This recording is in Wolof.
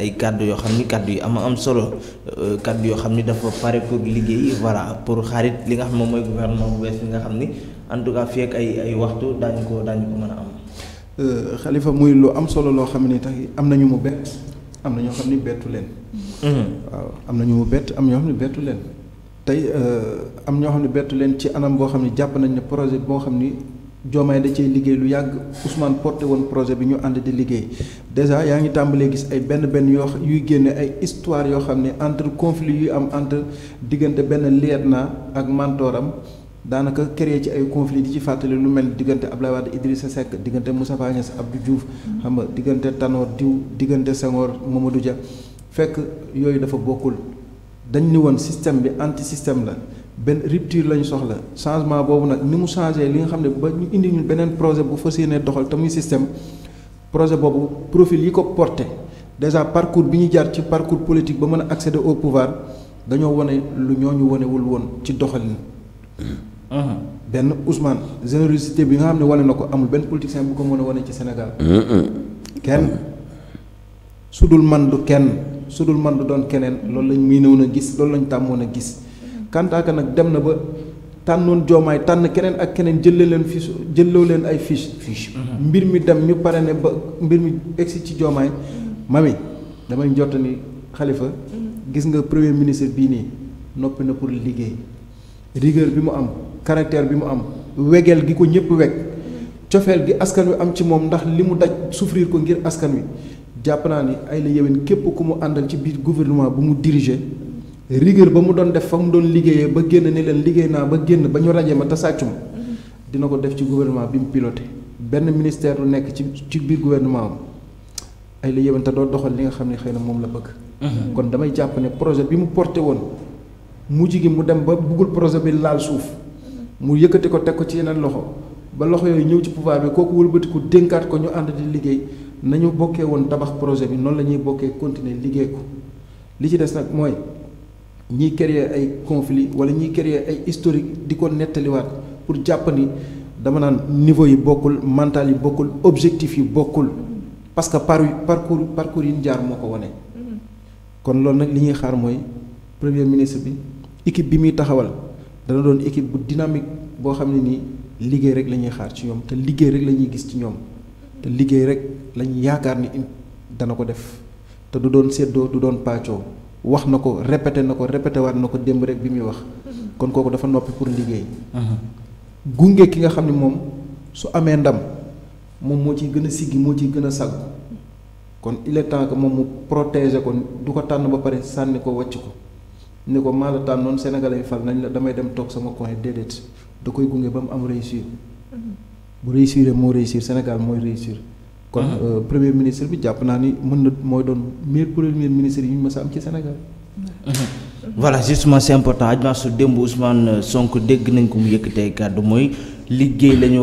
ay kàddu yoo xam ni kàddu yu am am solo euh, kàddu yoo xam ni dafa pare pour liggéey voilà pour xarit li nga xam moom mooy gouvernement bu bees li nga xam ni en tout cas fii ak ay waxtu daañu ko daañu ko mën a am. xalifa euh, muy lu am solo loo xam ni tax am nañu mu bett am na ñoo xam ni bettu leen. Mm-hmm. waaw mu bett am ñoo xam leen tey euh, am ñoo xam ne bettu leen ci anam boo xam ne jàpp nañ ne projet boo xam ni. Diomaye da cee liggéey lu yàgg Ousmane porté woon projet bi ñu ànd di liggéey déjà yaa ngi tàmbalee gis ay benn benn yoo yuy génne ay histoire yoo xam ne entre conflit yuy am entre diggante benn lieutenant ak mantooram daanaka créé ci ay conflit di ci fàttali lu mel ni diggante ab Abdoulaye Wade Idrissa Seck diggante Moustapha Niasse Abdou Diouf xam nga diggante tanoor Diw diggante Senghor Mamadou Dia fekk yooyu dafa bokkul dañ ni woon système bi anti système la. benn rupture la soxla changement boobu nag ni mu changé li nga xam ne ba ñu indi ñun beneen projet bu fas yéenee doxal te muy système projet boobu profil yi ko porté déjà parcours bi ñu jaar ci parcours politique ba mën a accéder au pouvoir dañoo wane lu ñu wonewul woon ci doxalin. Uh-huh. benn Ousmane générosité bi nga xam ne wane na ko amul benn politicien bu ko mën a wane ci Sénégal. kenn su dul man du kenn su dul man du doon keneen loolu lañ miinoon a gis loolu lañ tàmmoon a gis. kantaaka nag dem na ba tànnoon joomaay tànn keneen ak keneen jëlee leen fiche jëlloo leen ay fiche fiche mm-hmm. mbir mi dem ñu pare ne ba mbir mi egsi ci joomaay mm-hmm. mami damay njort ni xalifa mm-hmm. gis nga premier ministre bii nii noppi na pour liggéey rigueur bi mu am caractère bi mu am wegeel gi ko ñëpp weg cofeel gi askan wi am ci moom ndax li mu daj souffrir ko ngir askan wi jàpp naa ni ay la yéwén képp ku mu àndal ci biir gouvernement bu mu diriger rigueur ba mu doon def fa mu doon liggéeyee ba génn ni leen liggéey naa ba génn ba ñu rajee ma te sàccuma dina ko def ci gouvernement bi mu piloté benn ministère lu nekk ci ci biir gouvernement am la yéwante doxal li nga xam ne xëy na moom la bëgg. Mhm. kon damay jàpp ne projet bi mu porté woon mujj gi mu dem ba buggul projet bi laal suuf mu yëkkati ko teg ko ci yeneen loxo ba loxo yooyu ñëw ci pouvoir bi kooku wëlbatiku dénkaat ko ñu ànd di liggéey nañu bokkee woon tabax projet bi noonu la ñuy bokkee continuer liggéey ko li ci des nag mooy. ñiy créer ay conflit wala ñiy créer ay historique diko netali wat pour jàpp ni dama nan niveau yi bokul mental yi bokul objectif yi bokul parce que par parcours parcours yi ñu moko woné kon lool nak li ñi xaar moy premier ministre bi équipe bi mi taxawal da na doon équipe bu dynamique bo xamni ni liguey rek la ñuy xaar ci ñom te liguey rek la ñuy gis ci ñom te liguey rek lañu yaakar ni dana ko def te du doon seddo du doon pacho wax na ko répété na ko répété waat na ko démb rek bi muy wax kon kooku dafa noppi pour liggéey gunge ki nga xam ne moom su amee ndam moom moo ciy gën a siggi moo ciy gën a sàggu kon il est temps que moom mu protéger ko du ko tànn ba pare sànni ko wàcc ko ni ko maa la tànnoon Sénégalais yi fal nañ la damay dem toog sama coin déedéet da koy gunge ba mu am réussir mhm. bu réussir moo réussir Sénégal mooy réussir kon euh, premier ministre bi jàpp naa ni mën na mooy doon meilleur premier ministre yi ñu mës a am ci Sénégal. voilà justement c'est important aj naa su démb Ousmane Sonko dégg nañ ko mu yëkk yëkkatee kàddu mooy liggéey la ñu